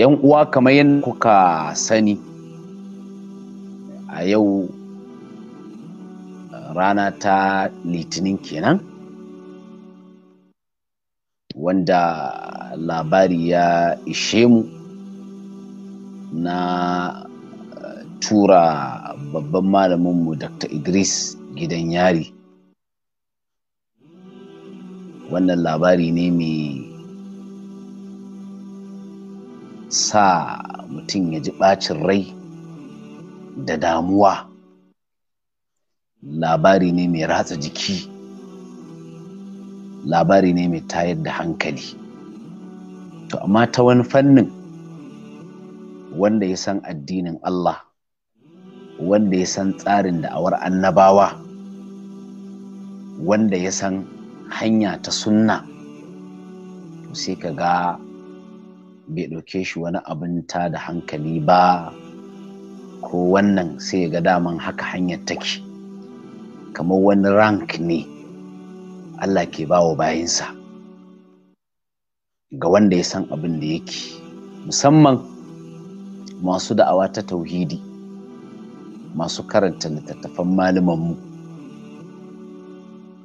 yan uwa kamar yadda kuka sani a yau uh, rana ta litinin kenan wanda labari ya ishe mu na uh, tura babban malaminmu dr idris gidan yari wannan labari ne mai sa mutum ya ji ɓacin rai da damuwa labari ne mai ratsa jiki labari ne mai tayar da hankali to amma ta wani fannin wanda ya san addinin Allah wanda ya san tsarin da'awar annabawa wanda ya san hanya ta sunna sai ka ga bai ɗauke shi wani abin ta da hankali ba ko wannan sai ga daman haka hanyar take kamar wani rank ne Allah ke bawa bayansa ga wanda ya san abin da yake musamman masu da'awa ta tauhidi masu karanta littattafan mu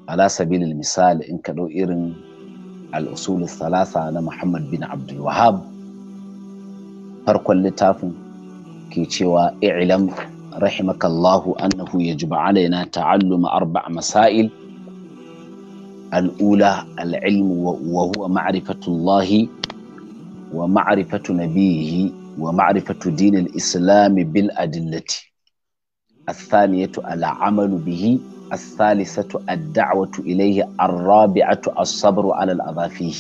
ala sabilil misali in ka ɗau irin al'usulul salasa na muhammad bin Abdulwahab. farkon littafin ke cewa i'lam rahimakallahu annahu ya juba alaina ta'alluma arba masail al'ula al'ilmu wa huwa ma'rifatullahi wa ma'rifatu nabiyihi wa ma'rifatu dinil islami bil adillati الثانيه العمل به الثالثه الدعوه اليه الرابعه الصبر على الاضافيه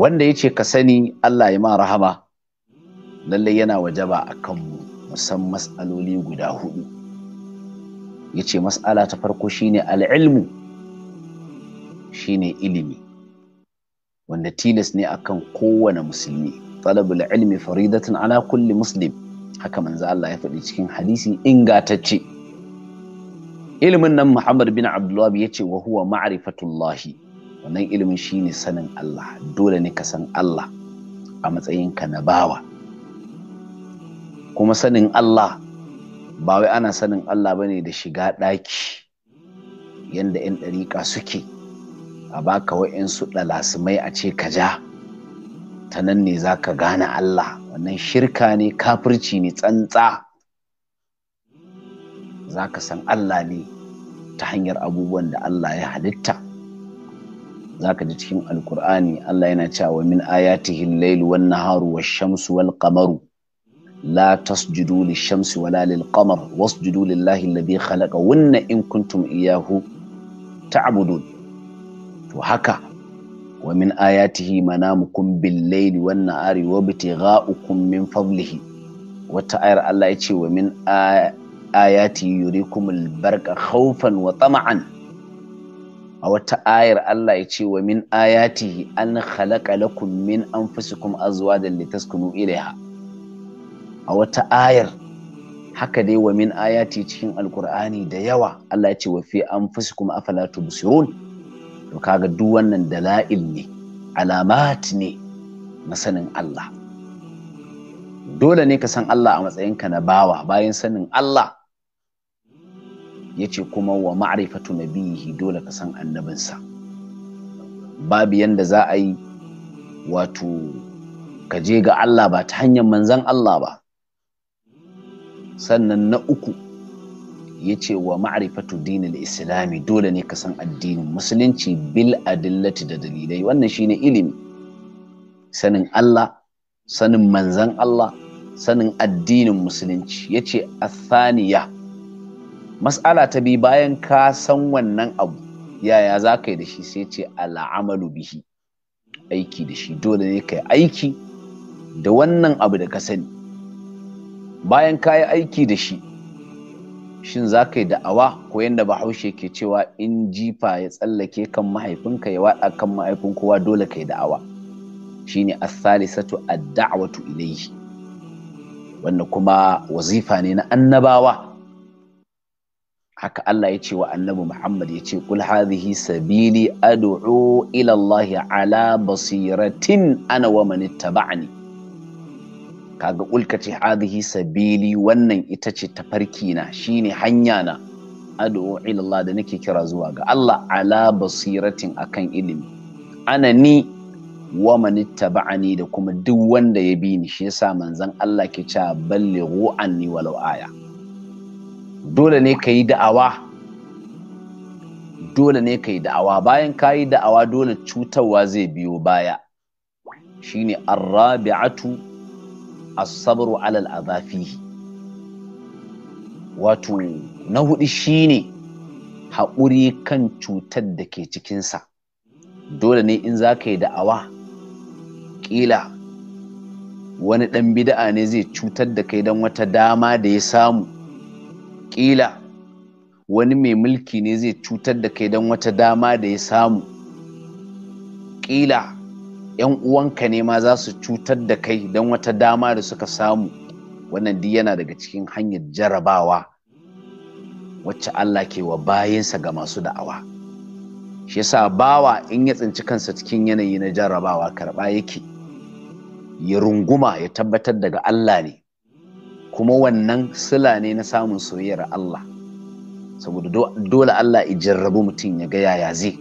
wanda yace ce ka sani Allah ya ma rahama lallai yana wajaba a kanmu musan mas'aloli guda hudu Yace mas'ala ta farko shine al'ilmu shine ilimi wanda tilas ne akan kowane musulmi talabul ilmi faridatun ala kulli muslim haka manzo Allah ya faɗi cikin hadisi ingatacce ilimin nan Muhammad bin Abdullah ya ce wa huwa ma'rifatullahi wannan ilimin shine sanin Allah dole ne ka san Allah a matsayinka na bawa kuma sanin Allah ba wai ana sanin Allah bane da shiga ɗaki yanda 'yan ɗariƙa suke a baka wa'insu ɗalasimai a ce ka ja ta nan ne za ka gane Allah wannan shirka ne kafirci ne tsantsa za ka san Allah ne ta hanyar abubuwan da Allah ya halitta zaka ji cikin alkur'ani Allah yana cewa min ayatihi al wan naharu wash-shamsu wal qamaru la tasjudu lish-shamsi wala lil-qamar wasjudu lillahi alladhi khalaqahunna in kuntum iyyahu ta'budun to haka wa min ayatihi manamukum bil-laili wan nahari wa ibtigha'ukum min fadlihi wata ayar Allah ya ce wa min ayati yurikumul barqa khawfan wa tama'an a wata ayar Allah ya ce wa min ayatihi an khalaqa lakum min anfusikum azwajan litaskunu ilaiha a wata ayar haka dai wa min ayati cikin alkur'ani da yawa Allah ya ce wa fi anfusikum afala tubsirun to kaga duk wannan dala'il ne alamat ne na sanin Allah dole ne ka san Allah a matsayinka na bawa bayan sanin Allah yace kuma wa ma'rifatu nabihi dole ka san annabinsa babu yanda za a yi wato ka je ga Allah ba ta hanyar manzan Allah ba sannan na uku yace wa ma'arifatu dinil islami dole ne ka san addinin musulunci bil adillati da dalilai wannan shine ilimi sanin Allah sanin manzan Allah sanin addinin musulunci yace athaniya mas'ala ta bi bayan ka san wannan abu yaya za ka yi da shi sai ce al'amalu bihi aiki da shi dole ne ka yi aiki da wannan abu da ka sani bayan ka yi aiki da shi shin za ka yi da'awa ko yadda bahaushe ke cewa in jifa ya tsallake kan mahaifinka ya waɗa kan mahaifin kowa dole ka yi da'awa shine as-salisatu ad da'awatu ilaihi, wanda kuma wazifa ne na annabawa haka Allah ya ce wa annabi Muhammad ya ce kul hadhihi sabili ad'u ila Allah ala basiratin ana wa man ittaba'ani kaga ulka ce hadhihi sabili wannan ita ce tafarki na shine hanya na ad'u ila Allah da nake kira zuwa ga Allah ala basiratin akan ilimi ana ni wa manittaba'ani da kuma duk wanda ya bi ni shi yasa manzon Allah ke cewa ballighu anni walau aya dole ne ka yi da'awa dole ne ka yi da'awa bayan ka yi da'awa dole cutarwa zai biyo baya shine arrabi'atu as-sabru 'ala al-adhafi wato na hudu shine haƙuri kan cutar da ke cikinsa dole ne in za ka yi da'awa ƙila wani ɗan bida'a ne zai cutar da kai don wata dama da ya samu ƙila wani mai mulki ne zai cutar da kai don wata dama da ya samu ƙila 'yan uwanka ne ma za su cutar da kai don wata dama da suka samu wannan duk yana daga cikin hanyar jarabawa wacce Allah ke wa bayansa ga masu da'awa shi yasa bawa in ya tsinci kansa cikin yanayi na jarabawa karɓa yake ya runguma ya tabbatar daga Allah ne kuma wannan sila ne na samun soyayyar Allah saboda dole Allah ya jarrabu mutum ya ga yaya zai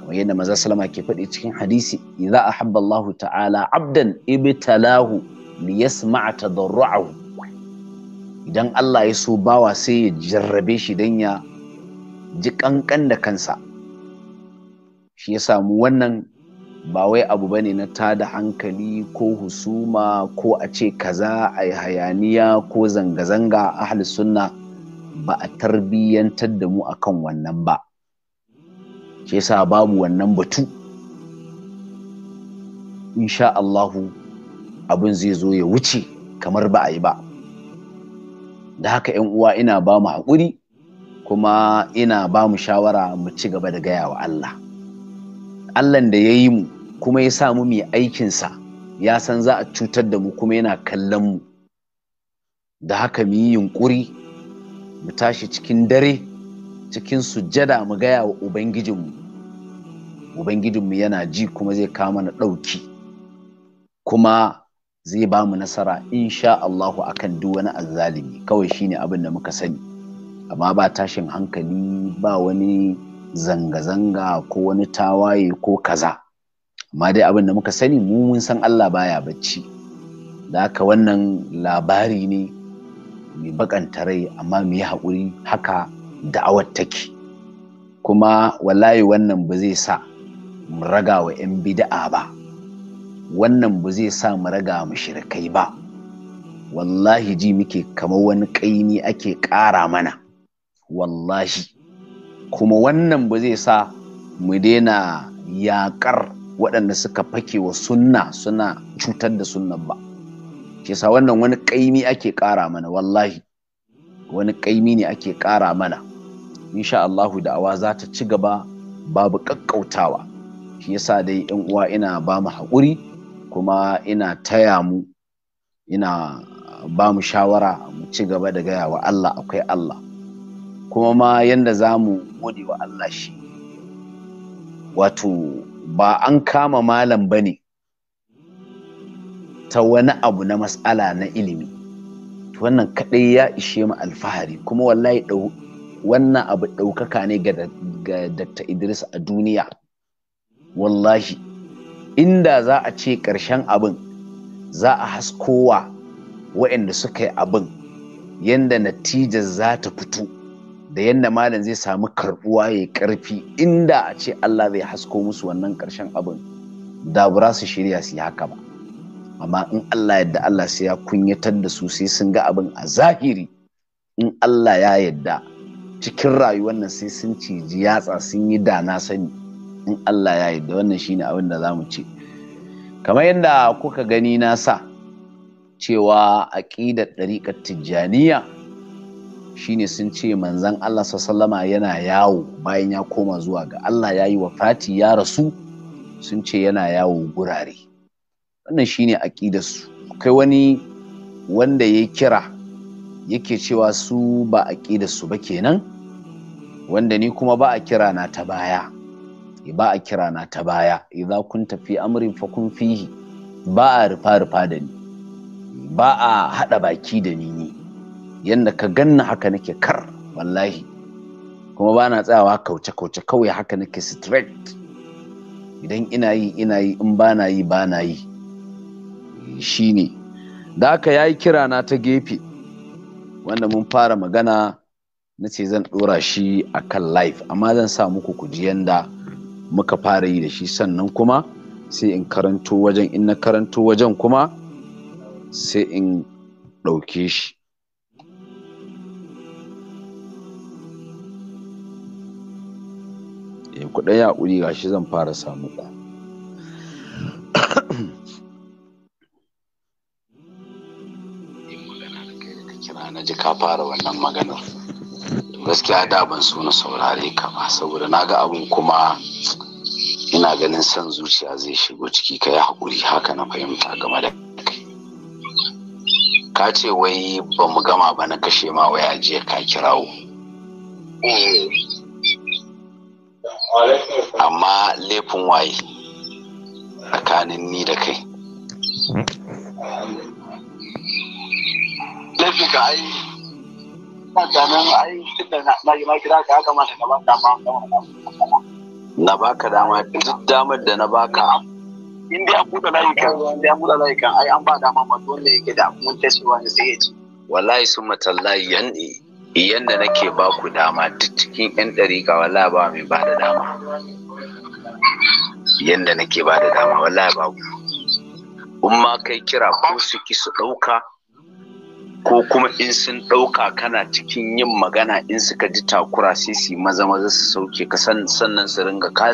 kamar yadda maza salama ke faɗi cikin hadisi idza ahabba Allah ta'ala abdan ibtalahu liyasma'a tadarru'ahu idan Allah ya so bawa sai ya jarrabe shi dan ya ji kankan da kansa shi ya samu wannan ba wai abu bane na tada hankali ko husuma ko a ce kaza a hayaniya ko zanga-zanga ahli sunna ba a tarbiyyantar da mu akan wannan ba Ke sa babu wannan batu insha Allahu abin zai zo ya wuce kamar ba a yi ba da haka yan uwa ina ba mu haƙuri kuma ina ba mu shawara mu ci gaba da gaya wa Allah Allah da ya yi mu kuma ya sa mu mai aikinsa ya san za a cutar da mu kuma yana kallon mu da haka mu yi yunƙuri mu tashi cikin dare cikin sujjada mu gaya wa ubangijinmu ubangijinmu yana ji kuma zai kama na ɗauki kuma zai ba mu nasara insha Allahu akan duk wani azzalimi kawai shine abin da muka sani amma ba tashin hankali ba wani zanga-zanga ko wani tawaye ko kaza Ma dai abin da muka sani mu mun san Allah baya bacci da haka wannan labari ne mai bakanta rai amma mu yi haƙuri haka da'awar take kuma wallahi wannan ba zai sa mu raga wa 'yan bida'a ba wannan ba zai sa mu raga mu shirkai ba wallahi ji muke kamar wani ƙaini ake ƙara mana wallahi kuma wannan ba zai sa mu daina yaƙar waɗanda suka fake wa sunna suna cutar da sunnan ba ke sa wannan wani ƙaimi ake ƙara mana wallahi wani ƙaimi ne ake ƙara mana insha Allahu da'awa za ta ci gaba babu ƙaƙƙautawa shi yasa dai yan uwa ina ba mu haƙuri kuma ina taya mu ina ba mu shawara mu ci gaba da gaya wa Allah akwai Allah kuma ma yanda za mu gode wa Allah shi wato ba an kama malam ba ne ta wani abu na matsala na ilimi to wannan kadai ya ishe mu alfahari kuma wallahi wannan abu ɗaukaka ne ga Dr. Idris a duniya wallahi inda za a ce ƙarshen abin za a haskowa waɗanda suka yi abin yadda natijar za ta fito da yadda malam zai samu karbuwa ya karfi inda a ce Allah zai hasko musu wannan karshen abin da ba su shirya su yi haka ba amma in Allah yadda Allah sai ya kunyatar da su sai sun ga abin a zahiri in Allah ya yadda cikin rayuwar nan sai sun ciji yatsa sun yi da na sani in Allah ya yadda wannan shine abin da zamu ce kamar yadda kuka gani na sa cewa aƙidar ɗariƙar tijjaniya shine sun ce manzan Allah sallama yana yawo bayan ya koma zuwa ga Allah ya yi Fati ya rasu sun ce yana yawo gurare wannan shine aƙidarsu Akwai wani wanda ya kira yake cewa su ba su ba kenan wanda ni kuma ba a kira na ta baya eh, ba a kira na ta baya idza kun tafi amrin fa kun fihi ba a rufa rufa da ni ba a haɗa baki da ni ni yadda ka ganna haka nake kar wallahi kuma ba na tsayawa kauce-kauce kawai haka nake straight idan ina yi ina yi in ba na yi ba na yi shi ne da haka ya yi kira na ta gefe wanda mun fara magana na ce zan ɗora shi a kan live amma zan sa muku kuji yanda muka fara yi da shi sannan kuma sai in karanto wajen in na karanto wajen kuma sai in ɗauke shi ku ɗaya haƙuri shi zan fara samu ku na ji ka fara wannan maganar gaskiya da ban so na saurare ka ba saboda na ga abin kuma ina ganin son zuciya zai shigo ciki ka yi haƙuri haka na fahimta game da kai ka ce wai ba mu gama ba na kashe ma waya jiya ka kirawo eh. amma laifin waye tsakanin ni da kai laifin ka ai tsakanin ai tunda na yi ma kira ka haka masa gaban dama na baka dama duk damar da na baka in dai an buɗe layukan in dai an buɗe layukan ai an ba dama ma dole yake da mun ta cewa ne sai ya ci wallahi sun matallahi yan ne yadda nake ba ku dama duk cikin 'yan ɗariƙa wala ba mai ba da dama yadda nake ba da dama wala ba ku in ma kai kira ko su ki su ɗauka ko kuma in sun ɗauka kana cikin yin magana in suka ji takura sai su maza maza su sauke ka sannan su ringa ka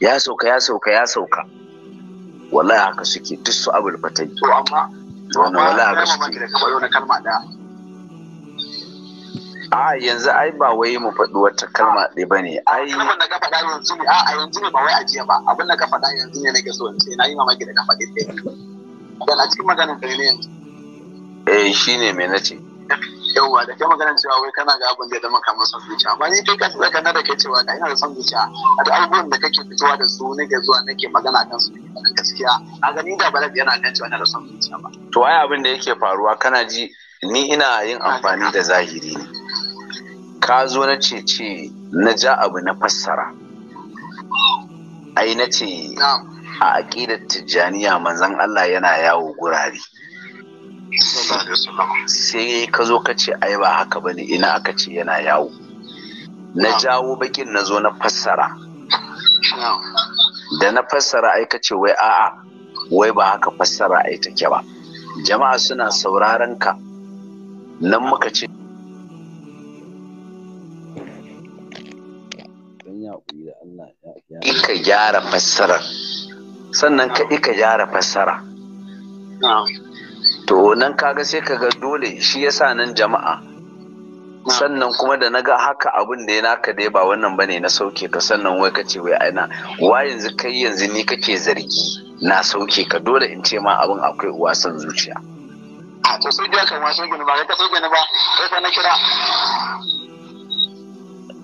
ya sauka ya sauka ya sauka wallahi haka suke duk su abul amma a yanzu ai ba wai mu faɗi wata kalma ɗaya ba ne ai kalmar da ka faɗa yanzu ne a yanzu ne ba wai a jiya ba abin da ka faɗa yanzu ne nake so in ce na yi mamaki da ka faɗi ɗaya dan a cikin maganin da ne yanzu eh shine me nace yauwa da kai maganar cewa wai kana ga abin da ya zama kamar son zuciya ba ni kai ka tsaka kana da kai cewa ka ina da son zuciya a da abubuwan da kake fitowa da su ga zuwa nake magana kan su ne gaskiya a gani da balad yana kan cewa ina da son zuciya ba to ai abin da yake faruwa kana ji ni ina yin amfani da zahiri ne ka zo na ce ce na ja abu na fassara ai na ce a aƙidar tijjaniya manzan Allah yana yawo gurare sai ka zo ka ce ai ba haka bane ina aka ce yana yawo na jawo bakin na zo na fassara da na fassara ai ka ce wai a'a wai ba haka fassara ai take ba jama'a suna sauraron ka nan muka ce ika gyara fassara. sannan ka ika gyara fassara to nan kaga sai kaga dole shi yasa nan jama'a sannan kuma da naga haka abin da ya naka dai ba wannan bane na sauke ka sannan wai ka ce wai aina wa yanzu kai yanzu ni kake zargi na sauke ka dole in ce ma abin akwai uwa zuciya a to sojiya kai ma sojiya ba ka sojiya ba kai fa na kira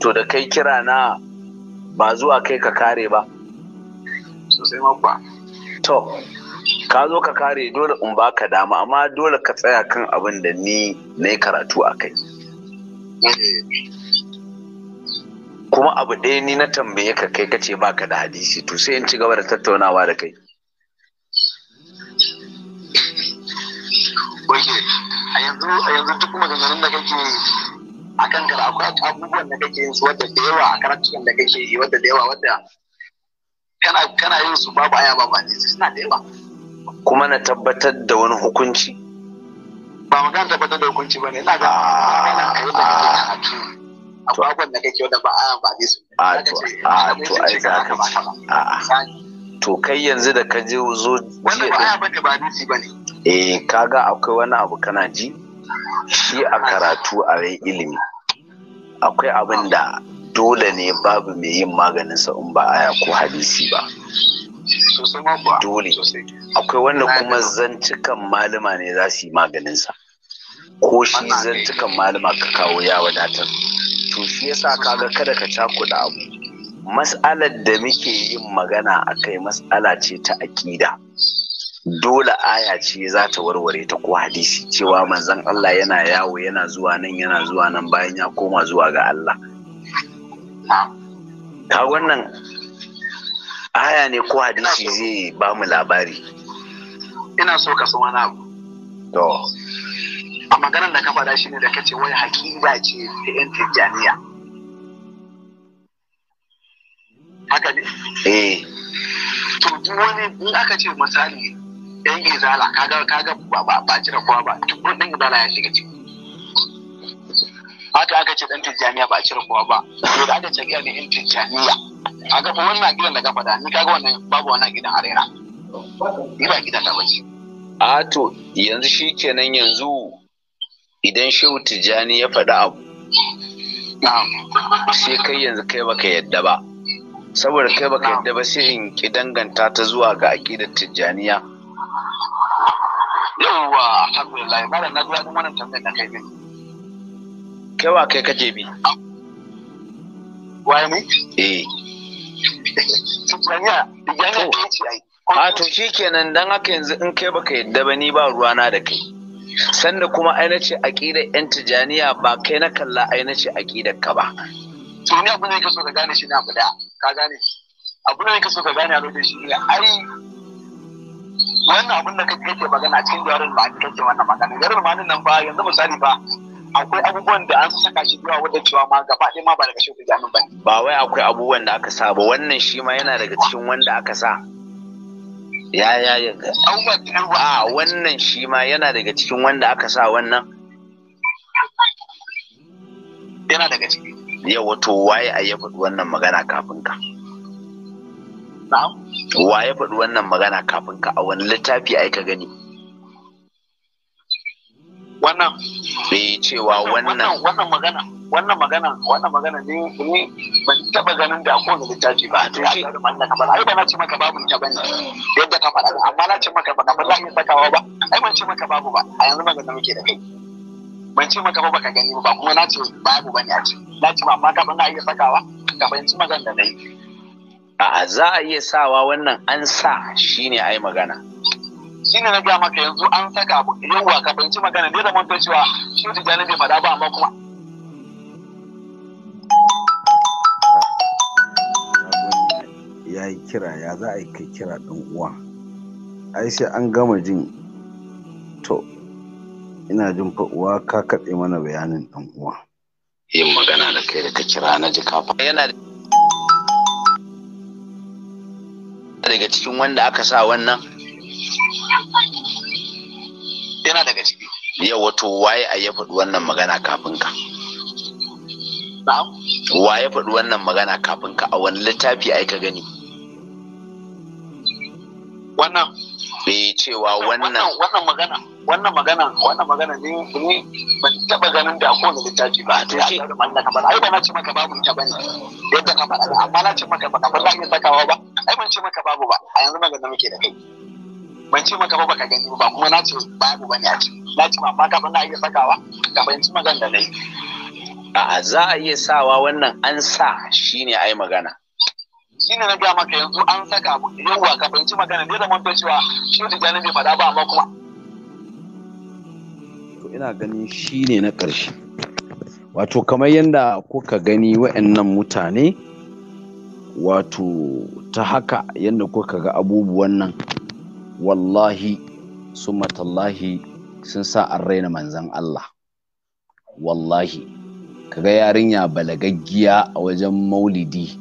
to da kai kira na ba zuwa kai ka kare ba sosai ma ba to ka zo ka kare dole in baka dama amma dole ka tsaya kan abin da ni na karatu a kai kuma abu ɗaya ni na tambaye ka kai kace baka da hadisi to sai in ci gaba da tattaunawa da kai a yanzu a yanzu duk maganganun da kake a kan kara akwai abubuwan da kake yin su wadda da yawa a karatun da kake yi wadda da yawa wadda kana yin su babu aya babu hadisi suna da yawa kuma na tabbatar da wani hukunci ba magana tabbatar da hukunci ba ne ina ga akwai da kake wadda ba a ba ne su a to a to ai za ka a to kai yanzu da ka je zo jiya ba a ba ba ne eh kaga akwai wani abu kana ji shi a karatu a rai ilimi akwai abin da dole ne babu mai yin maganinsa in ba aya ko hadisi ba dole akwai wanda kuma Zancikan malama ne za su yi maganinsa ko shi Zancikan malama ka kawo ya wadatar to shi yasa kaga kada ka cakuɗa abu mas'alar da muke yin magana a kai mas'ala ce ta aƙida dole aya ce za ta warware ta ko hadisi cewa manzon Allah yana yawo yana zuwa nan yana zuwa nan bayan ya koma zuwa ga Allah ka wannan aya ne ko hadisi zai ba mu labari ina so ka san wani abu to a maganar da ka faɗa shi ne da kace wai hakika ce ta yan tijjaniya haka ne eh to duk wani in aka ce misali yan izala kaga kaga ba ba ba jira kowa ba duk wani izala ya shiga ciki haka aka ce dan tijjaniya ba a cire kowa ba to da aka ce ga ne in tijjaniya kaga fa wannan gidan da ka faɗa ni kaga wannan babu wannan gidan arena ni ba gidan na bace a to yanzu shi kenan yanzu idan shehu tijjani ya faɗi abu sai kai yanzu kai baka yadda ba saboda kai baka yadda ba sai in ki danganta ta zuwa ga aƙidar tijjaniya yawwa alhamdulillah malam na ji wannan tambayar da kai yawa kai kake bi waye mu eh a to shi kenan don haka yanzu in kai baka yadda ba ni ba ruwana da kai sanda kuma aina ce aƙidar yan tijaniya ba kai na kalla aina ce aƙidar ka ba to ni abin da yake so ka gane shi ne abu da ka gane abin da yake so ka gane a lokacin shi ne ai wannan abin da kake magana cikin jarin ba kake wannan magana jarin ma nan ba yanzu misali ba akwai abubuwan da an saka shi zuwa wadda cewa ma gaba ɗaya ma ba daga shehu jami'an ba ba wai akwai abubuwan da aka sa ba wannan shi ma yana daga cikin wanda aka sa ya ya ya a wannan shi ma yana daga cikin wanda aka sa wannan yana daga ciki Yau wato waye a ya faɗi wannan magana kafin ka wa ya faɗi wannan magana kafin ka a wani littafi ai ka gani wannan eh cewa wannan wannan magana wannan magana wannan magana ne ne ban taba ganin da ko da littafi ba to shi wannan kamar ai ba na ce maka babu ta bane yadda ka faɗa amma na ce maka ba kamar za ka sakawa ba ai ban ce maka babu ba a yanzu magana muke da kai ban ce maka ba baka gani ba kuma na ce babu bane a ce na ce amma ka ban na iya sakawa ka fahimci magana da nayi a'a za a iya sawa wannan an sa shine ai magana shine na gaya maka yanzu an saka abu yawa ka fahimci magana ne da mantar cewa shi da tijjani bai faɗa ba amma kuma ya yi kira ya za a yi kai kira ɗan uwa ai sai an gama jin to ina jin fa uwa ka kaɗe mana bayanin ɗan uwa yin magana da kai da ka kira na ji kafa yana daga cikin wanda aka sa wannan yana daga ciki yau wato waye a ya faɗi wannan magana kafin ka wa ya faɗi wannan magana kafin ka a wani littafi ai ka gani wannan bai eh, cewa wannan wannan magana wannan magana wannan magana ne ne ban taba ganin da kowane littafi ba to shi ai ba na ce maka babu ta bane yadda ka faɗa amma na ce maka ba ba za ka sakawa ba ai ban ce maka babu ba a yanzu magana muke da kai ban ce maka ba baka gani ba kuma na ce babu bane a ciki na ce amma kafin na iya sakawa ka fahimci magan da nayi a'a za a iya sawa wannan an sa shine ai magana shine na ga maka yanzu an saka abu yawa ka fahimci magana ne da mun cewa shi da jani bai fada ba amma kuma to ina ganin shine na ƙarshe wato kamar yadda kuka gani wa'annan mutane wato ta haka yadda kuka ga abubuwan nan wallahi sun matallahi sun sa an raina manzan Allah wallahi kaga yarinya balagaggiya a wajen maulidi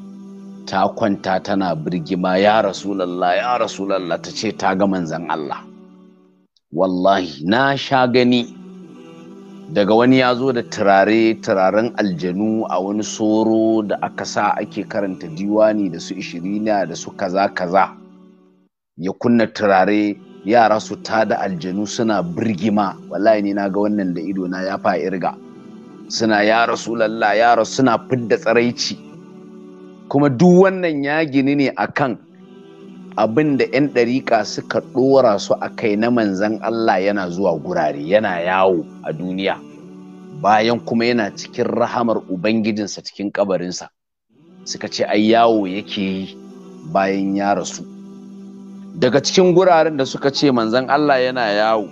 ta kwanta tana birgima ya rasulallah ya rasulallah ta ce ta ga manzan Allah wallahi na sha gani daga wani ya zo da turare turaren aljanu a wani soro da aka sa ake karanta diwani da su ishirina da su kaza kaza ya kunna turare yara su ta da aljanu suna birgima wallahi ni na ga wannan da ido na ya fa irga suna ya rasulallah yara suna fidda tsaraici kuma duk wannan ya gini ne akan abin da 'yan ɗariƙa suka ɗora su a kai na manzan Allah yana zuwa gurare yana yawo a duniya bayan kuma yana cikin rahamar ubangijinsa cikin kabarinsa suka ce ai yawo yake yi bayan ya rasu daga cikin guraren da suka ce manzan Allah yana yawo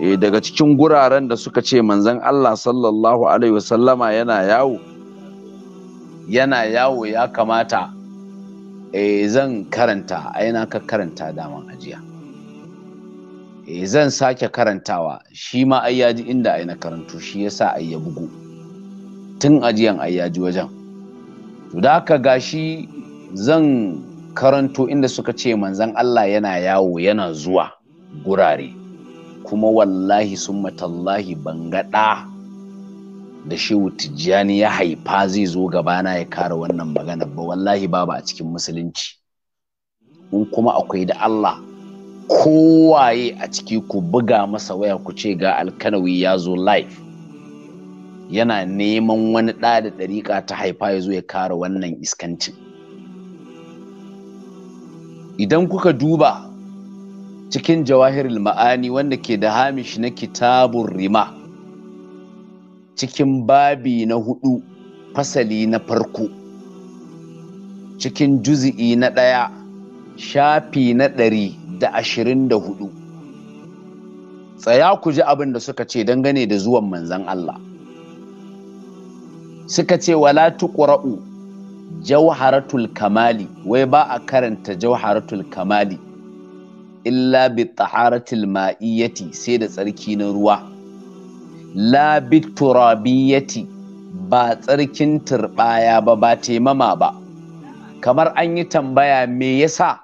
e daga cikin guraren da suka ce manzan Allah sallallahu alaihi wasallama yana yawo yana yawo ya kamata e zan karanta aina ka karanta daman ajiya e zan sake karantawa shi ma ayyaji inda aina karanto shi yasa ayya bugu tun ajiyan ayyaji wajen to da haka gashi zan karanto inda suka ce manzan Allah yana yawo yana zuwa gurare kuma wallahi sun matallahi ban gaɗa da shehu tijjani ya haifa zai zo gabana ya kara wannan magana ba wallahi babu a cikin musulunci in kuma akwai da Allah kowaye a ciki ku buga masa waya ku ce ga alkanawi ya zo live yana neman wani ɗa da ɗariƙa ta haifa ya zo ya kara wannan iskancin idan kuka duba cikin jawahirul ma'ani wanda ke da hamish na kitabun rima cikin babi na hudu fasali na farko cikin juzi'i na ɗaya shafi na ɗari da ashirin da hudu tsaya ku ji abin da suka ce dangane da zuwan manzan Allah suka ce wala tuqra'u jawharatul kamali wai ba a karanta jawharatul kamali illa bi taharatil ma'iyyati sai da tsarki na ruwa la bi turabiyyati ba tsarkin turbaya ba ba taimama ba kamar an yi tambaya me yasa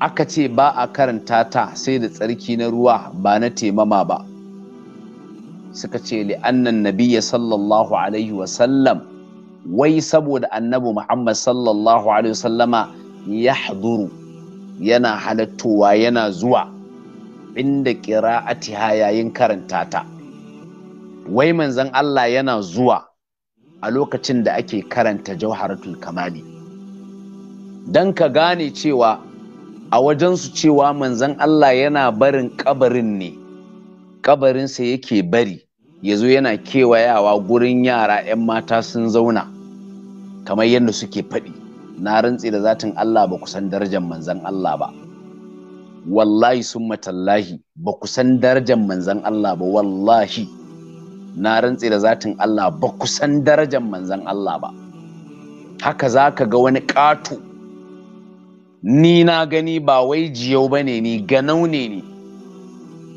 aka ce ba a karanta ta sai da tsarki na ruwa ba na taimama ba suka ce li'annan nabiya sallallahu alaihi wasallam wai saboda annabi Muhammad sallallahu alaihi wasallama ya haduru yana halattowa yana zuwa inda ha yayin karanta ta wai manzon Allah yana zuwa a lokacin da ake karanta jauharatul kamali don ka gane cewa a wajen su cewa manzon Allah yana barin kabarin ne kabarinsa yake bari ya zo yana kewayawa gurin yara 'yan mata sun zauna kamar yadda suke faɗi na rantse da zatin Allah ba kusan darajar manzan Allah ba wallahi sun matallahi ba kusan darajar manzan Allah ba wallahi na rantse da zatin Allah ba kusan darajar manzan Allah ba haka za ka ga wani ƙato ni na gani ba wai jiyau ba ne ni ganau ne ni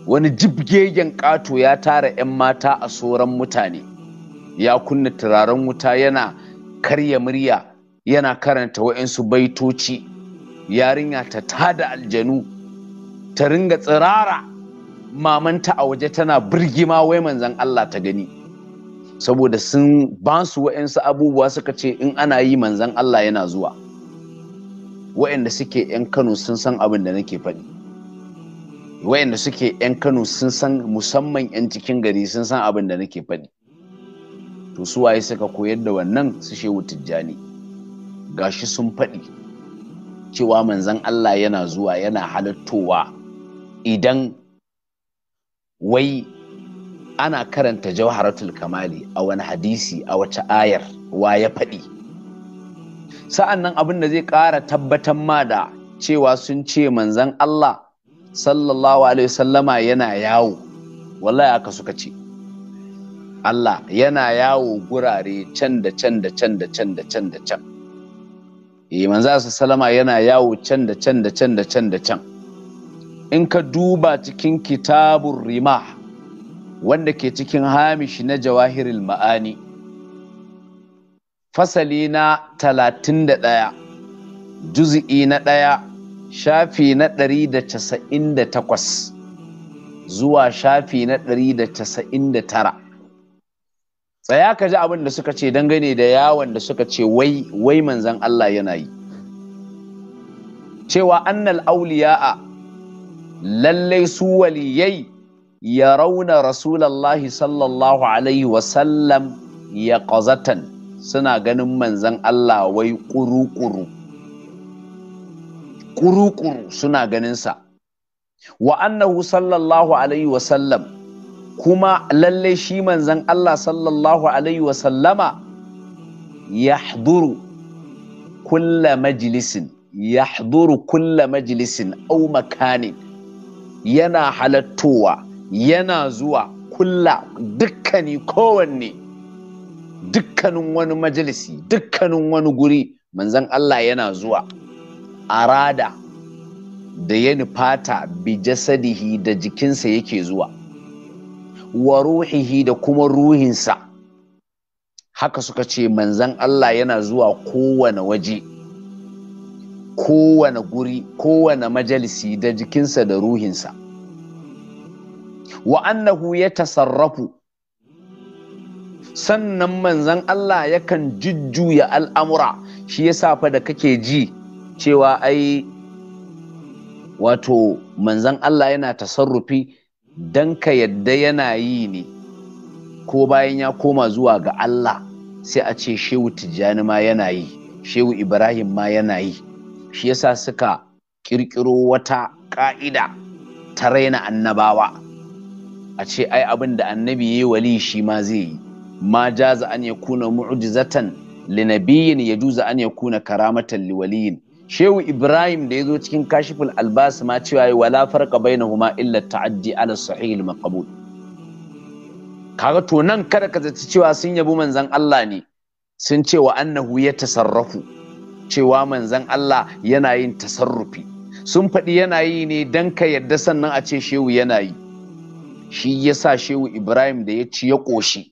wani jibgegen ƙato ya tara 'yan mata a soran mutane ya kunna turaren wuta yana karya murya yana karanta wa'insu baitoci yarinya ta tada aljanu ta ringa tsirara mamanta a waje tana birgima wai manzan Allah ta gani saboda sun ba su wa'insu abubuwa suka ce in ana yi manzan Allah yana zuwa wa'inda suke 'yan Kano sun san abin da nake faɗi wa'inda suke 'yan Kano sun san musamman 'yan cikin gari sun san abin da nake faɗi to su waye suka koyar da wannan su shehu tijjani gashi sun faɗi cewa manzan Allah yana zuwa yana halattowa idan wai ana karanta jawharatul kamali a wani hadisi a wace ayar wa ya faɗi sa'annan abin da zai ƙara tabbatar ma da cewa sun ce manzan Allah sallallahu alaihi sallama yana yawo wallahi aka suka ce Allah yana yawo gurare can da can da can da can da can da can eh su salama yana yawo can da can da can da can da can in ka duba cikin kitabun rima wanda ke cikin hamishi na jawahiril ma'ani fasali na talatin da ɗaya juzi'i na ɗaya shafi na ɗari da casa'in da takwas zuwa shafi na ɗari da casa'in da tara tsaya ka ji abin da suka ce dangane da yawon da suka ce wai wai manzan Allah yana yi cewa annal auliya a. lallai su waliyai ya rauna rasulallahi sallallahu alaihi wasallam ya ƙazatan suna ganin manzan Allah wai kuru-kuru suna ganinsa wa annahu sallallahu alaihi wasallam kuma lalle shi manzan Allah sallallahu alaihi wasallama yahduru kulla majlisin yahduru kulla majlisin au makanin yana halattowa yana zuwa kulla dukkani kowanne dukkanin wani majalisi dukkanin wani guri manzan Allah yana zuwa arada da ya nufata bi jasadihi da jikinsa yake zuwa wa ruhihi da kuma ruhinsa haka suka ce manzan Allah yana zuwa kowane waje kowane guri kowane majalisi da jikinsa da ruhinsa wa annahu ya tasarrafu sannan manzan Allah yakan jujjuya al'amura shi ya safa da kake ji cewa ai wato manzan Allah yana tasarrufi don ka yadda yana yi ne ko bayan ya koma zuwa ga Allah sai a ce shehu tijjani ma yana yi shehu ibrahim ma yana yi shi yasa suka kirkiro wata ka'ida ta raina annabawa a ce ai abin da annabi ya yi wali shi ma zai yi ma jaza an ya kuna mu'jizatan linabiyin ya juza an ya kuna karamatan li waliyin shehu ibrahim da ya zo cikin kashiful albas ma cewa ya wala na huma illa ta'addi ala sahihil maqbul kaga to nan kada ka zaci cewa sun yabi manzan Allah ne sun ce wa annahu ya tasarrafu cewa manzan Allah yana yin tasarrufi sun faɗi yana yi ne dan ka yadda sannan a ce shehu yana yi shi yasa shehu ibrahim da ya ci ya ƙoshi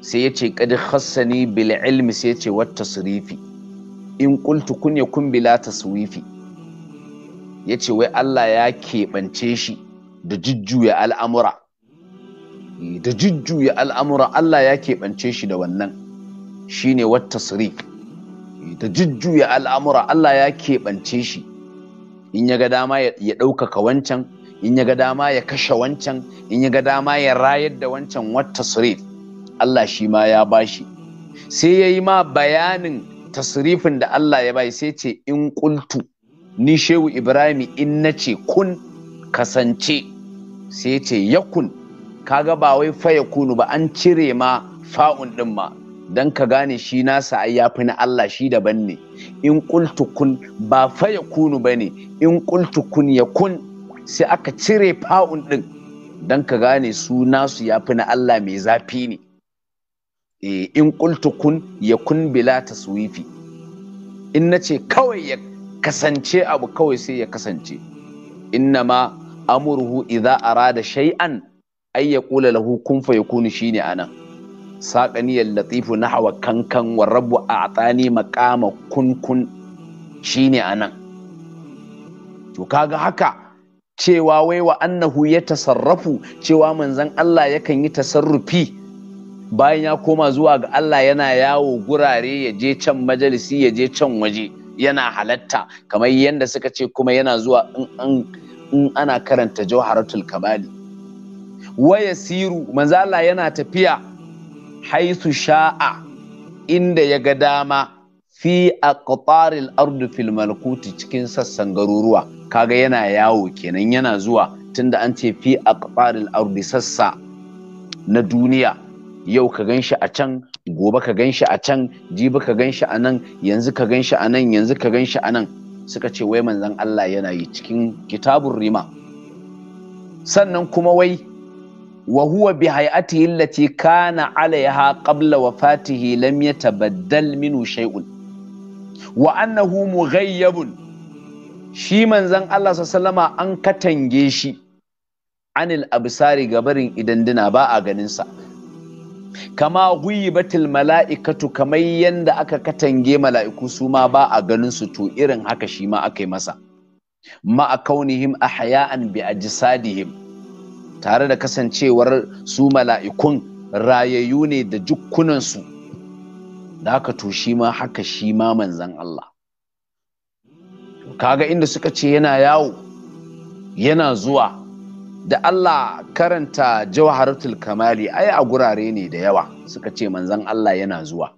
sai ya ce kadi khassani bil ilmi sai ya ce wat tasrifi in kultu kun yakun bila taswifi ce wai Allah ya keɓance shi da jujjuya al'amura eh, da jujjuya al'amura Allah ya keɓance shi da wannan Shi ne wata suri eh, da jujjuya al'amura Allah ya keɓance shi in ya ga dama ya ɗaukaka wancan in ya ga dama ya kashe wancan in ya ga dama ya rayar da wancan wata suri Allah shi ma ya bashi sai ya yi ma bayanin tasrifin da Allah ya bai sai ce in kultu ni shehu ibrahim in nace kun kasance sai ce yakun kaga ba wai fa yakunu ba an cire ma fa'un din ma dan ka gane shi nasa ai yafi na Allah shi daban ne in kultu kun ba fa yakunu bane in kultu kun yakun sai aka cire fa'un din dan ka gane su nasu yafi na Allah mai zafi ne Eh, in kultu kun kun bila suwifi in na ce kawai ya kasance abu kawai sai ya kasance ma amurhu idza arada shay'an ay yaqula lahu kun yakunu shine anan saqani al-latifu nahwa kankan wa rabbu a'tani maqama kun kun shine anan to kaga haka cewa wai wa annahu ya tasarrafu cewa manzon Allah yakan yi tasarrufi bayan ya koma zuwa ga Allah yana yawo gurare ya je can majalisi ya je can waje yana halatta kamar yadda suka ce kuma yana zuwa in ana karanta jawharatul kabali waya siru manzo yana tafiya haisu sha'a inda ya ga dama fi aqtaril ardu fil malakuti cikin sassan garuruwa kaga yana yawo kenan yana zuwa tunda an ce fi aqtaril ardi sassa na duniya yau ka gan shi a can gobe ka gan shi a can jibi ka gan shi a nan yanzu ka gan shi a nan yanzu ka gan shi a nan suka ce wai manzan Allah yana yi cikin kitabun rima sannan kuma wai wa huwa bi hay'ati allati kana alaiha qabla wafatihi lam yatabaddal minu shay'un wa annahu mughayyabun shi manzon Allah sallama an katange shi anil absari gabarin idan dina ba a ganin sa kama batil mala'ikatu kamar yanda aka katange mala'iku su ma ba a ganin su to irin haka shi ma aka yi masa a kaunihim ahya'an bi ajsadihim tare da kasancewar su mala'ikun rayayyu ne da jukkunan su da haka to shi ma haka shi ma manzon Allah kaga inda suka ce yana yawo yana zuwa da Allah karanta jawharatul kamali ai a gurare ne da yawa suka ce manzan Allah yana zuwa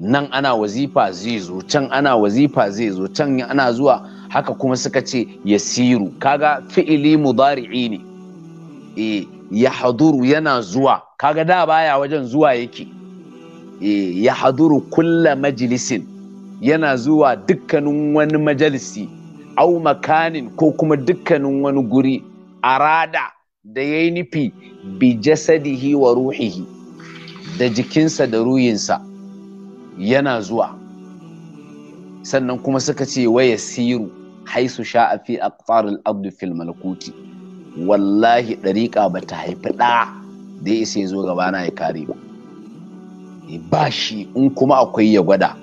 nan ana wazifa zai zo can ana wazifa zai zo can ana zuwa haka kuma suka ce yasiru kaga fi'ili mudari'i ne e eh, ya haduru yana zuwa kaga da baya wajen zuwa yake e eh, ya haduru kulla majalisin yana zuwa dukkanin wani majalisi au makanin ko kuma dukkanin wani guri arada da ya nufi bi jasadihi wa ruhihi da jikinsa da ruyinsa yana zuwa sannan kuma suka ce waya siru haisu sha'a fi aqtaril abdu fil malakuti wallahi ɗariƙa ba ta haifi ɗa da ya isa ya zo gaba na ya kare ba ba shi in kuma akwai ya gwada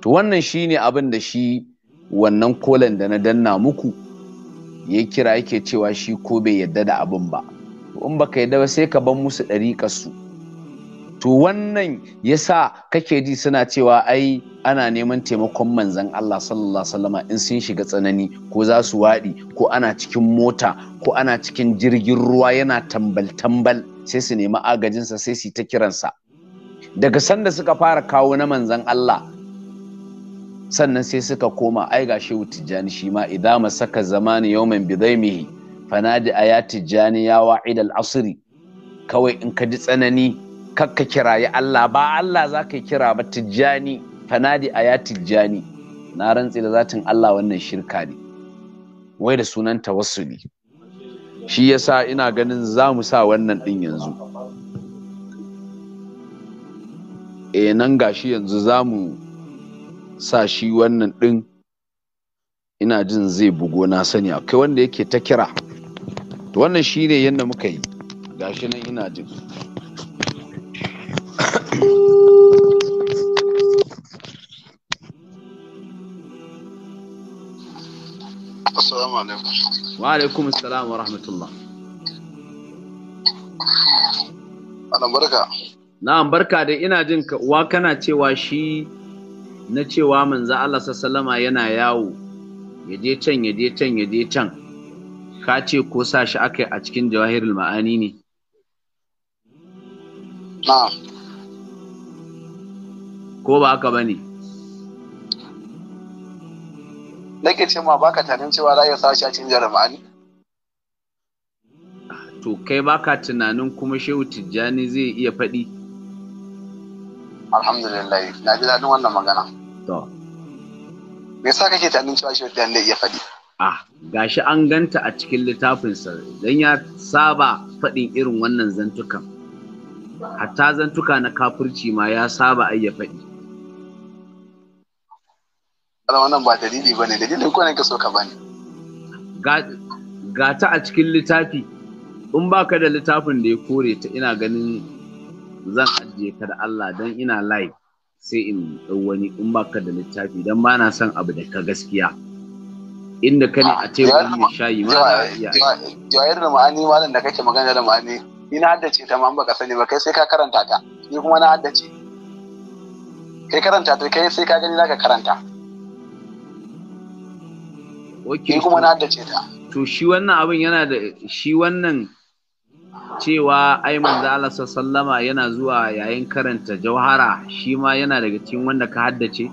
to wannan shi ne abin da shi wannan kolan da na danna muku ya kira yake cewa shi ko bai yadda da abin ba in baka yadda ba sai ka bar musu su to wannan yasa kake ji suna cewa ai ana neman taimakon manzan Allah sallallahu alaihi in sun shiga tsanani ko za su waɗi ko ana cikin mota ko ana cikin jirgin ruwa yana tambal-tambal sai su nemi agajinsa sai su ta kiransa daga sanda suka fara kawo na manzan Allah sannan sai suka koma ai ga shehu tijjani shi ma idan masaka zamani yawman bidaimihi fanadi 'ya tijjani ya wa'id al-asri kawai in ka ji tsanani kakka kirayi Allah ba Allah za ka kira ba tijjani fanadi 'ya tijjani na rantsi da zatin Allah wannan shirka ne wai da sunan tawassuli shi yasa ina ganin za mu sa wannan din yanzu e nan gashi yanzu za mu sa shi wannan ɗin ina jin zai bugo na sani akwai wanda yake ta kira to wannan shi ne yadda muka yi gashi nan ina jin Assalamu alaikum. Wa alaikum assalam wa rahmatullah. Ana barka. Na'am barka da ina jin ka uwa kana cewa shi na cewa manzo Allah sallama yana yawo ya je can ya je can ya je can ka ce ko sa shi aka a cikin jawahirul ma'ani ne ko ba haka bane nake ce ma baka tunanin cewa za ya sa shi a cikin jawahirul ma'ani to kai baka tunanin kuma shehu tijjani zai iya faɗi alhamdulillah na ji daɗin wannan magana to me yasa kake tunanin cewa shi da yanda iya faɗi ah gashi an ganta a cikin littafinsa don ya saba faɗin irin wannan zantukan hatta zantuka na kafirci ma ya saba ai ya faɗi wannan ba dalili ba ne dalilin ko ne ka so ka bani ga ta a cikin littafi in baka da littafin da ya kore ta ina ganin zan ajiye ka da Allah don ina live sai in ɗau wani in baka da littafi don ba na son abu da ka gaskiya inda ka ne a ce wani ya shayi ma da iya jawayar da ma'ani malam da kake magana da ma'ani ni na haddace ta ma baka sani ba kai sai ka karanta ta ni kuma na haddace kai karanta ta kai sai ka gani ka karanta ni kuma na haddace ta to shi wannan abin yana da shi wannan cewa ai manzo Allah sallama yana zuwa yayin karanta jauhara shi ma yana daga cikin wanda ka haddace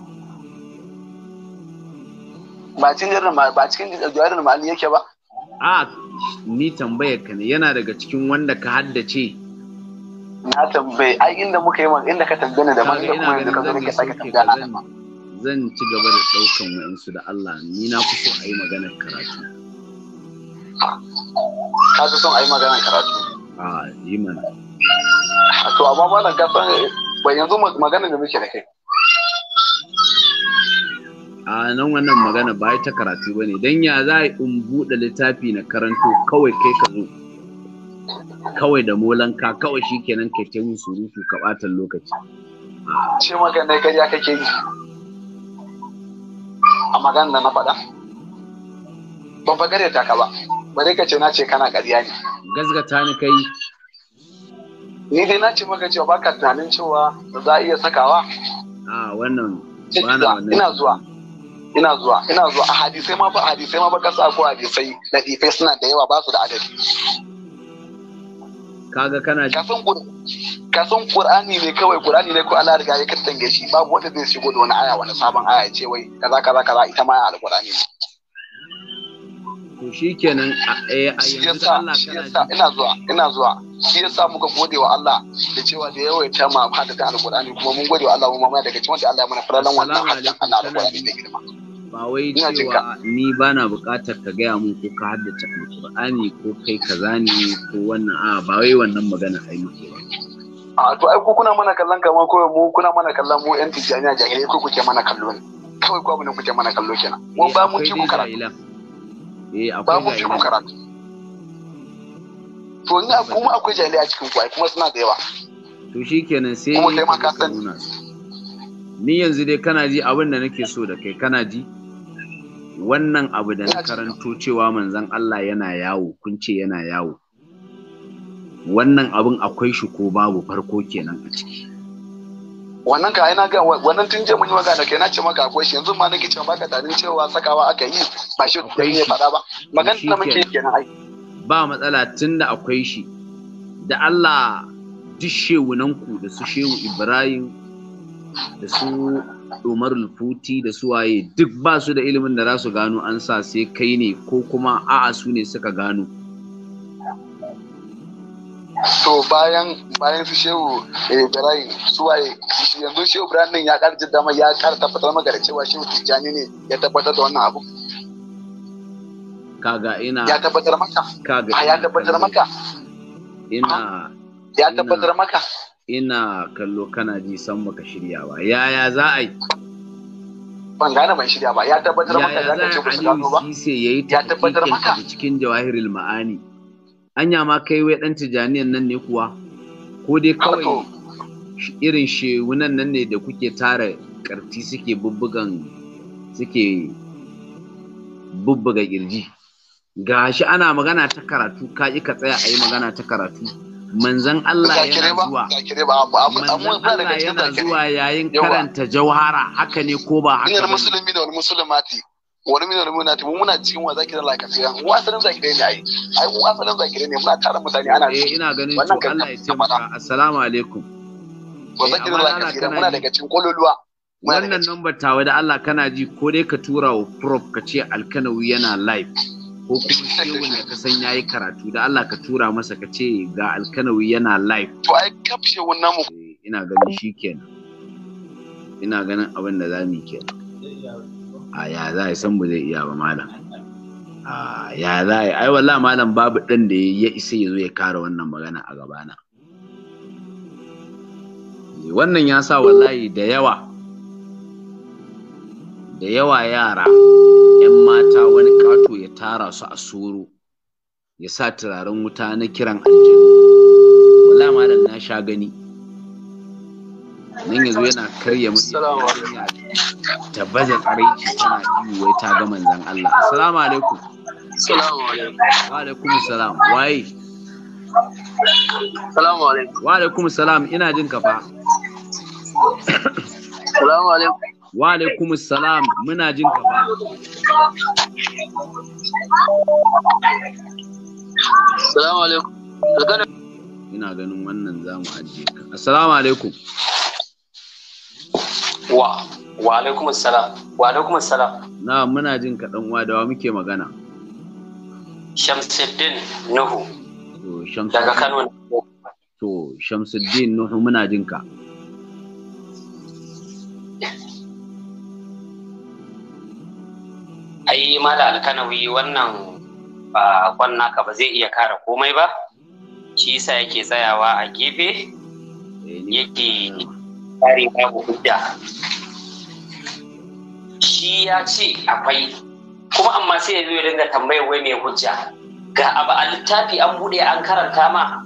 ba cikin jarin ba cikin jarin ma'ani yake ba a ni tambayar ka ne yana daga cikin wanda ka haddace na tambaye ai inda muka yi inda ka tambaye da manzo kuma yanzu ka zo ka sake tambaya zan ci gaba da daukan wayansu da Allah ni na kusa so maganar karatu ka fi son a maganar karatu a yi mana to amma malam ka san Bai yanzu magana da muke da kai a nan wannan magana ba ta karatu ba ne don ya za a in buɗe littafi na karanto kawai kai ka zo kawai da molanka kawai shi kenan ka ta yin surutu ka ɓatan lokaci ce magana ne karya kake yi a magana na faɗa ban fa ta ka ba bare ka ce na ce kana ƙarya ne gazgata ni kai ni dai na ce maka cewa baka tunanin cewa za a iya sakawa a wannan bana wannan ina zuwa ina zuwa ina zuwa a hadisai ma fa hadisai ma ba sa ko hadisai na ɗifai suna da yawa ba su da adadi kaga kana ka Kasan ƙur'ani ne kawai ƙur'ani ne ko Allah riga ya kattange shi babu wanda zai shigo da wani aya wani sabon aya ce wai kaza kaza kaza ita ma Alƙur'ani ne to kenan a eh, yanzu Allah kana ina zuwa ina zuwa shi yasa muka gode wa Allah da cewa da yawa ta ma hada da alqur'ani kuma mun gode wa Allah mu ma daga cikin Allah ya mana faralan wannan hadda ana alqur'ani da girma ba wai cewa ni bana buƙatar ka gaya mun ko ka haddace alqur'ani ko kai kaza ne ko wannan a ba wai wannan magana ai muke ba a to ai ko kuna mana kallon kamar ko mu kuna mana kallon mu yan a jahilai ko kuke mana kallo ne kawai ko ne kuke mana kallo kenan mun eh, ba mu ci mu karatu Eh, ba akwai fi ku karatu to ni kuma akwai jahilai a cikin kwai kuma suna da yawa to shikenan sai kuma kai ma ni yanzu dai kana ji abin da nake so da kai kana ji wannan abu da na karanto cewa manzon Allah yana yawo kun ce yana yawo wannan abin akwai shi ko babu farko kenan a ciki wannan ka ai na ga wannan tun je mun yi magana kai na ce maka akwai shi yanzu ma nake ce maka tarin cewa sakawa aka yi ba shi da ne fada ba magana da muke yi kenan ai ba matsala tunda akwai shi da Allah duk shewunan ku da su shewu Ibrahim da su Umar Futi da su waye duk ba su da ilimin da za su gano an sa sai kai ne ko kuma a'a su ne suka gano to bayan bayan su shehu eh, ibrahim suwaye yanzu shehu ibrahim ya ƙara dama ya ƙara tabbatar maka da cewa shehu tijjani ne ya tabbatar da wannan abu kaga ina ya tabbatar maka kaga ah, ya tabbatar maka ina ah, ya tabbatar maka ina kallo kana ji san maka shirya ba yaya za a yi ban gane ban shirya ba ya tabbatar maka ya ce ba ya tabbatar maka cikin jawahirul ma'ani anya ma kai wai dan tijaniyan nan ne kuwa ko dai kawai irin shewunan nan ne da kuke tara karti suke bubbugan suke bubbuga kirji gashi ana magana ta karatu ka ka tsaya a yi magana ta karatu manzan Allah yana zuwa manzan Allah yana zuwa yayin karanta jawhara haka ne ko ba haka ne musulmi da musulmati wani minar muna ta muna cikin wa zaki da ka tsira mu asalin zaki dai ne ai ai mu asalin zaki dai ne muna tara mutane ana eh ina ganin wannan kan Allah ya taimaka assalamu alaikum wa zaki zalla ka muna daga cikin kololuwa wannan number tawa da Allah kana ji ko dai ka tura wa prof ka ce alkanawi yana live ko kuma shehun da ka san yayi karatu da Allah ka tura masa ka ce ga alkanawi yana live to ai kafshe wannan mu eh, ina ganin shikenan ina ganin abin da zamu yi kenan a ya za a san ba zai iya ba malam a ya za a ai wallahi malam babu ɗan da ya isa ya zo ya kara wannan magana a gabana wannan ya sa wallahi da yawa da yawa yara 'yan mata wani kato ya tara su a soro ya sa turaren wuta na kiran aljanu wallahi malam na sha gani nan yanzu yana karya murya ta baza tsaraici tana iyo wai ta ga manzan Allah assalamu alaikum assalamu alaikum wa alaikum salam waye assalamu alaikum wa alaikum salam ina jin ka fa assalamu alaikum wa alaikum salam muna jin ka fa assalamu alaikum ina ganin wannan zamu ajiye ka assalamu alaikum wa wa alaikum assalam wa alaikum assalam na muna jin kaɗan wa da wa muke magana Shamsuddin Nuhu daga Kano to Shamsuddin Nuhu muna jin ka ai mala alkanawi wannan ba kwanna ka ba zai iya kara komai ba shi yasa yake tsayawa a gefe eh, yake kare babu hujja shi ya ce akwai kuma amma sai ya ya dinga tambayar wai mai hujja ga abu a littafi an bude an karanta ma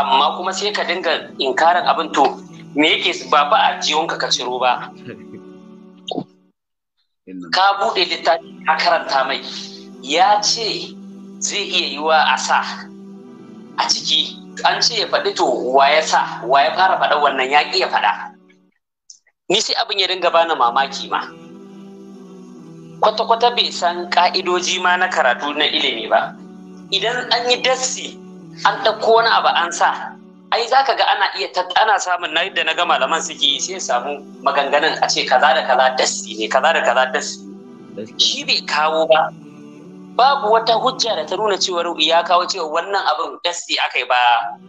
amma kuma sai ka dinga inkarar abin to me yake ba ba a jiwonka ka ciro ba ka bude littafi a karanta mai ya ce zai iya yiwa a sa a ciki an ce ya faɗi to wa ya sa wa ya fara faɗa wannan ya ƙi ya faɗa ni sai abin ya dinga bani mamaki ma kwata-kwata bai san ƙa'idoji ma na karatu na ilimi ba idan an yi dassi an ɗauko wani abu an sa ai za ka ga ana iya ana samun na yadda na ga malaman suke yi sai samu maganganun a ce kaza da kaza dassi ne kaza da kaza dassi shi bai kawo ba babu wata hujja da ta nuna cewa ya kawo cewa wannan abin aka yi ba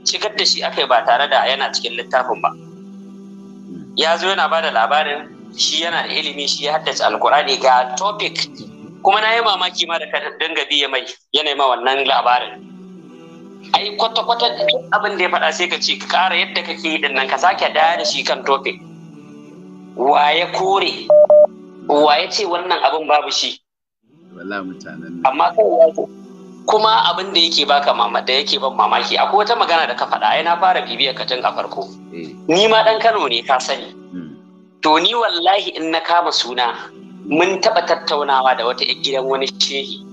shigar da shi akai ba tare da yana cikin littafin ba ya zo yana ba da labarin shi yana da ilimi shi ya haddace alkur'ani ga topic kuma na yi mamaki ma da ka dinga biya mai yana ma wannan labarin ai kwata-kwata duk abin da ya faɗa sai ka ce ka ƙara yadda kake yi nan ka sake da da shi kan topic waye kore waye ce wannan abin babu shi wala mutanen amma kuma abin da yake baka mama da yake ban mamaki akwai wata magana da ka faɗa ai na fara bibiyar ka tun a farko eh. ni ma dan Kano ne ka sani hmm. to ni wallahi in na kama suna mun taɓa tattaunawa da wata gidan wani shehi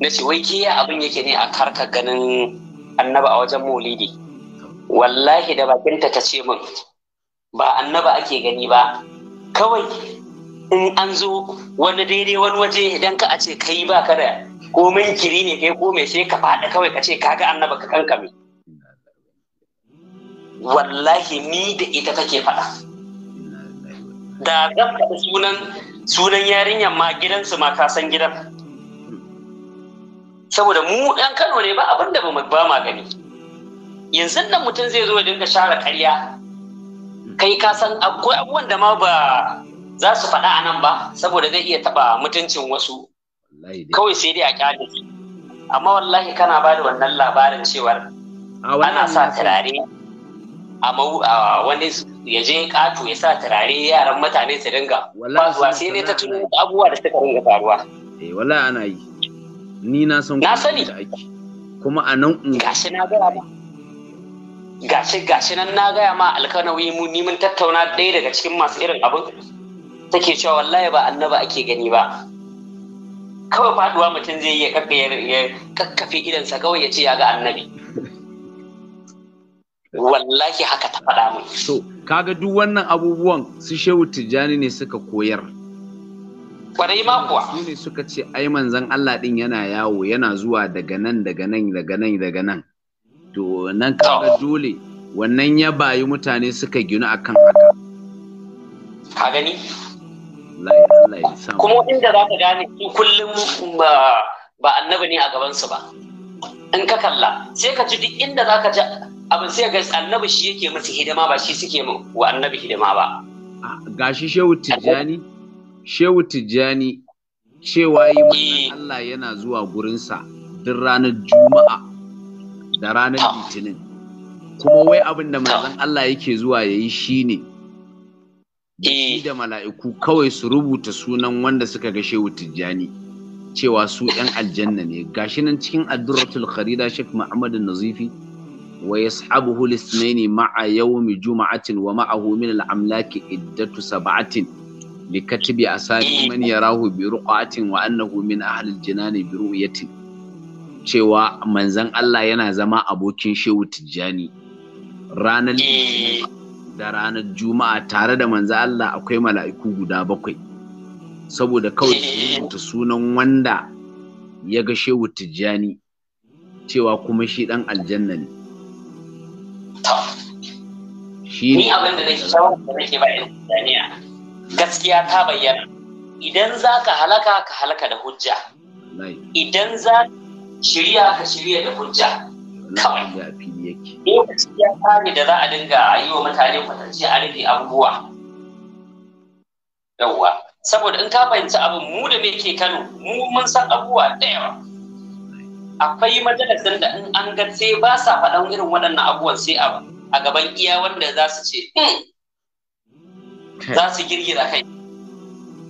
na ce wai kiya abin yake ne a karka ganin annaba a wajen maulidi wallahi da bakinta ta ce min ba annaba ake gani ba kawai in an zo wani daidai wani waje idan ka a ce kai ba ka da komai kiri ne kai ko mai sai ka faɗa kawai ka ce kaga annaba ka kankame wallahi ni da ita kake faɗa da zan faɗi sunan sunan yarinyar ma gidansu ma ka san gidan saboda mu ɗan kano ne ba abin da ba ma gani yanzu nan mutum zai zo ya dinga share karya kai ka san akwai abubuwan da ma ba za su faɗa a nan ba saboda zai iya taɓa mutuncin wasu kawai sai dai a kyale amma wallahi kana ba da wannan labarin cewar ana sa turare a wani ya je ƙato ya sa turare yaran mutane su dinga ba sai ne ta tuno abubuwa da suka ringa faruwa eh wallahi ana yi ni na san na sani kuma a nan gashi na gaya ba gashi gashi nan na gaya ma alkanawi mu ni mun tattauna ɗaya daga cikin masu irin abin take cewa wallahi ba annaba ake gani ba kawai faduwa mutum zai iya kakkafe idansa kawai ya ce ya ga annabi wallahi haka ta faɗa mun so kaga duk wannan abubuwan su shehu tijjani ne suka koyar kwarai ma kuwa su ne suka ce ai manzon Allah din yana yawo yana zuwa daga nan daga nan daga nan daga nan to nan kaga dole wannan ya bayi mutane suka ginu akan haka ka gani kuma inda za ka gane su kullum ba annabi ne a gabansu ba in ka kalla sai ka ji duk inda za ka ji abin sai ga annabi shi yake musu hidima ba shi suke wa annabi hidima ba ah, gashi shehu tijjani shehu tijjani cewa yi eh. Allah yana zuwa gurinsa duk ranar juma'a da ranar litinin kuma wai abin da manzon Allah yake zuwa ya yi shi ne Eh. shi da mala'iku kawai su rubuta sunan wanda suka ga shehu tijjani cewa su yan aljanna ne gashi nan cikin addurratul kharida shek Muhammadu nazifi wa yashabuhu ne ma'a yawon juma'atin wa ma'ahu min al Saba'atin, iddatu sab'atin a asami eh. man Rahu Biru ruqatin wa homin a halin jina jinani Biru ru'yatin cewa manzan Allah yana zama abokin shehu tijjani ranar eh. Da ranar juma'a tare da manzo Allah akwai mala'iku guda bakwai saboda kawai ta sunan wanda ya ga shehu tijjani cewa kuma shi dan aljanna ne shi ni abin da nake shawar da nake bayan tijjaniya gaskiya ta bayyana idan za ka halaka ka halaka da hujja idan za shirya ka shirya da hujja kawai yake da za a dinga yi wa mutane kwatance a rufe abubuwa yawwa saboda in ka fahimci abin mu da muke Kano mu mun san abubuwa ɗaya akwai majalisar da in an ga sai ba sa faɗan irin waɗannan abubuwan sai a a gaban iya wanda za su ce hmm, za su girgira kai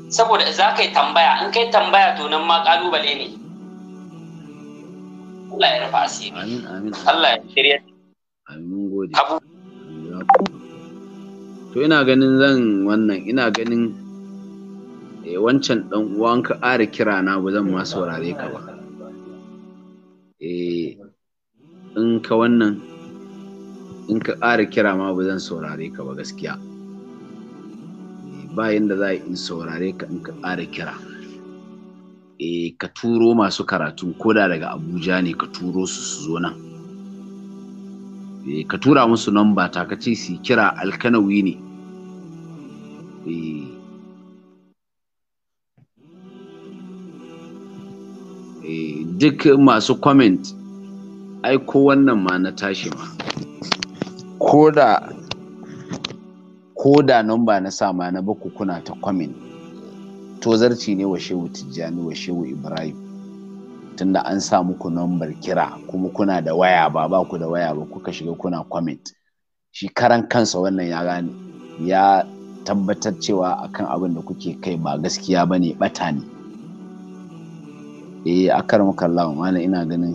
saboda za ka yi tambaya in kai tambaya to nan ma ƙalubale ne Allah ya rufa asiri Allah ya shirya Amin gode. To ina ganin zan wannan ina ganin eh, wancan ɗan in ka ƙara kira na ba zan ma saurare ka ba. Eh, in ka wannan in ka ƙara kira ma ba zan saurare ka ba gaskiya. Eh, ba yanda za in saurare ka in ka ƙara kira. Eh, ka turo masu karatu da daga Abuja ne ka turo su su zo nan. Eh, ka tura musu namba ta ka ce su kira alkanawi ne eh. Eh, duk masu comment aiko wannan ma na tashi ma koda koda namba na sa ma na baku kuna ta comment to zarci ne wa shehu tijjani wa shehu ibrahim tunda an sa muku nambar kira kuma kuna da waya ba ba ku da waya ba kuka shiga kuna comment shi karan kansa wannan ya gane ya tabbatar cewa akan abin da kuke kai ba gaskiya ba ne bata ne eh akar makallawa mana ina ganin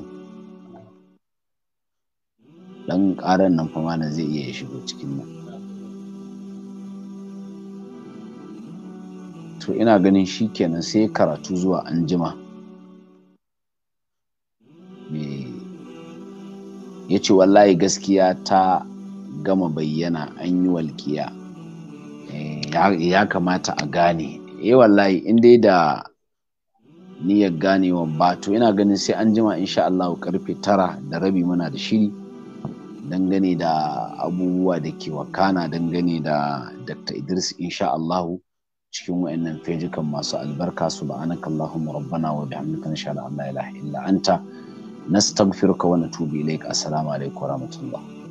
dan karan nan fa mana zai iya shigo cikin nan to ina ganin shi kenan sai karatu zuwa anjima ya ce wallahi gaskiya ta gama bayyana an yi walkiya eh, ya kamata a gane eh wallahi in dai da niyyar ganewa ba to ina ganin sai an jima insha Allah karfe tara da rabi muna da shiri dangane da abubuwa da ke wakana dangane da Dr. Idris insha Allah cikin wayannan fejikan masu albarka su subhanakallahumma rabbana wa bihamdika nashhadu an la ilaha illa anta Na nastaghfiruka wa natubu ilaik assalamu alaikum wa rahmatullah